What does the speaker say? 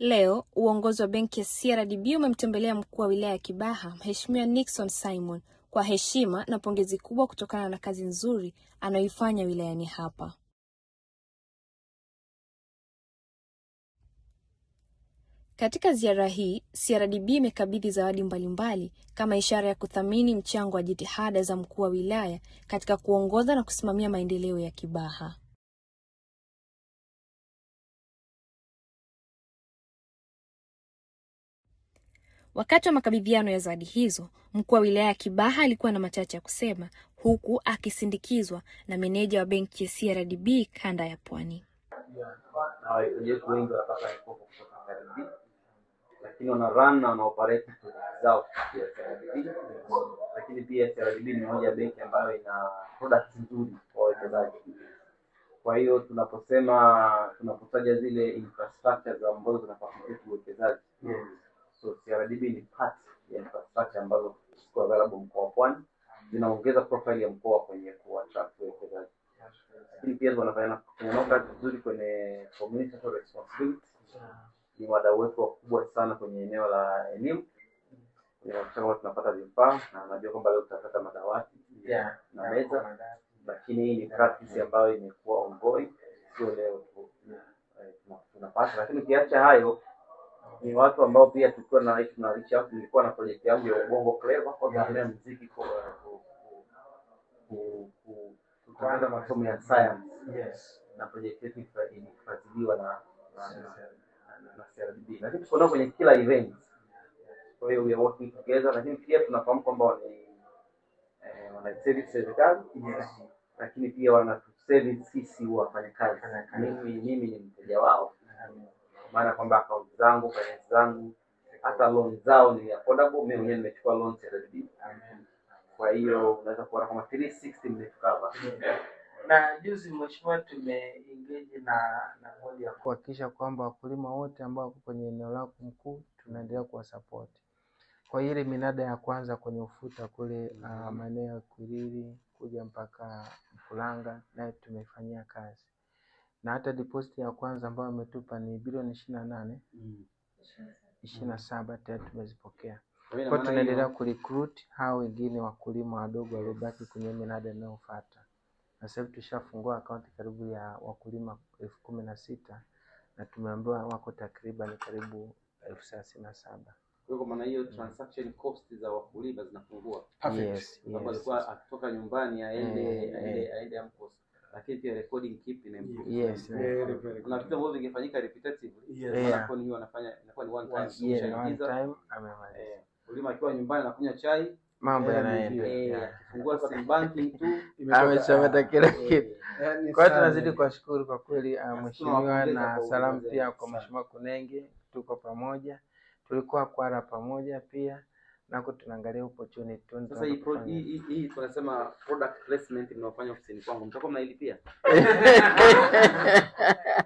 Leo uongozi wa benki ya CRDB umemtembelea mkuu wa wilaya ya Kibaha Mheshimiwa Nixon Simon kwa heshima na pongezi kubwa kutokana na kazi nzuri anayoifanya wilayani hapa. Katika ziara hii, CRDB imekabidhi zawadi mbalimbali kama ishara ya kuthamini mchango wa jitihada za mkuu wa wilaya katika kuongoza na kusimamia maendeleo ya Kibaha. Wakati wa makabidhiano ya zawadi hizo, mkuu wa wilaya ya Kibaha alikuwa na machache ya kusema, huku akisindikizwa na meneja wa benki ya CRDB kanda ya Pwani. Lakini wana run na wana operate zao kupitia CRDB, lakini pia CRDB ni moja ya benki ambayo ina product nzuri kwa wawekezaji. Kwa hiyo tunaposema tunapotaja zile infrastructure ambazo zinafasiliteti uwekezaji So CRDB ni part ya infrastructure ambazo ziko available mkoa wa Pwani, zinaongeza profile ya mkoa kwenye kuattract wawekezaji, lakini pia wanafanya nao kazi vizuri kwenye community social responsibility. Ni wadau wetu wakubwa sana kwenye eneo la elimu kuhakikisha tunapata vifaa na najua kwamba leo tutapata madawati yeah, na meza, lakini hii ni practice ambayo imekuwa ongoing, sio leo tu eh, tunapata. Lakini ukiacha hayo ni watu ambao pia tulikuwa na na tunaishi hapo. Nilikuwa na project yangu ya Bongo Clever kwa ajili ya muziki kwa ku ku kuanza masomo ya science. Yes, na project yetu ilifuatiliwa na na CRDB, lakini tuko nao kwenye kila event, kwa hiyo we are working together, lakini pia tunafahamu kwamba wana eh, wana service serikali lakini pia wana service sisi wafanyakazi. Mimi mimi ni mteja wao, maana kwamba zangu finance zangu hata loan zao ni affordable. Mimi mwenyewe nimechukua loan ya CRDB, kwa hiyo unaweza kuona kama 360 nimetukava na juzi mheshimiwa, tumeengage na na bodi ya kuhakikisha kwamba wakulima wote ambao wako kwenye eneo lako mkuu tunaendelea kuwasapoti kwa ile minada ya kwanza kwenye ufuta kule uh, maeneo ya Kwilili kuja mpaka Mfulanga naye tumefanyia kazi na hata deposit ya kwanza ambayo ametupa ni bilioni ishirini na nane mm. ishirini na saba tayari tumezipokea. Kwa tunaendelea ku recruit hao wengine wakulima wadogo waliobaki kwenye minada inayofuata, na sasa hivi tushafungua akaunti karibu ya wakulima elfu kumi na sita na tumeambiwa wako takriban karibu elfu thelathini na saba. Kwa maana hiyo mm. transaction cost za wakulima zinapungua. Perfect. Yes, yes. Kwa sababu alikuwa akitoka nyumbani aende eh, eh. aende aende amkosa lakini pia recording keep ina improve. Yes. Kuna vitu ambavyo vingefanyika repetitive Yes. Kwa hiyo anafanya inakuwa ni one time. Yeah, one time amemaliza. Eh, Ulima akiwa nyumbani anakunywa chai, mambo eh, yanaenda. Eh, akifungua sim banking tu amechomeka kila kitu. Kwa hiyo tunazidi kuwashukuru kwa kweli ah, mheshimiwa, na salamu pia kwa mheshimiwa Kunenge, tuko pamoja, tulikuwa kwara pamoja pia nako tunaangalia opportunity. Sasa hii hii tunasema product placement mnaofanya ofisini kwangu mtakuwa mnailipia?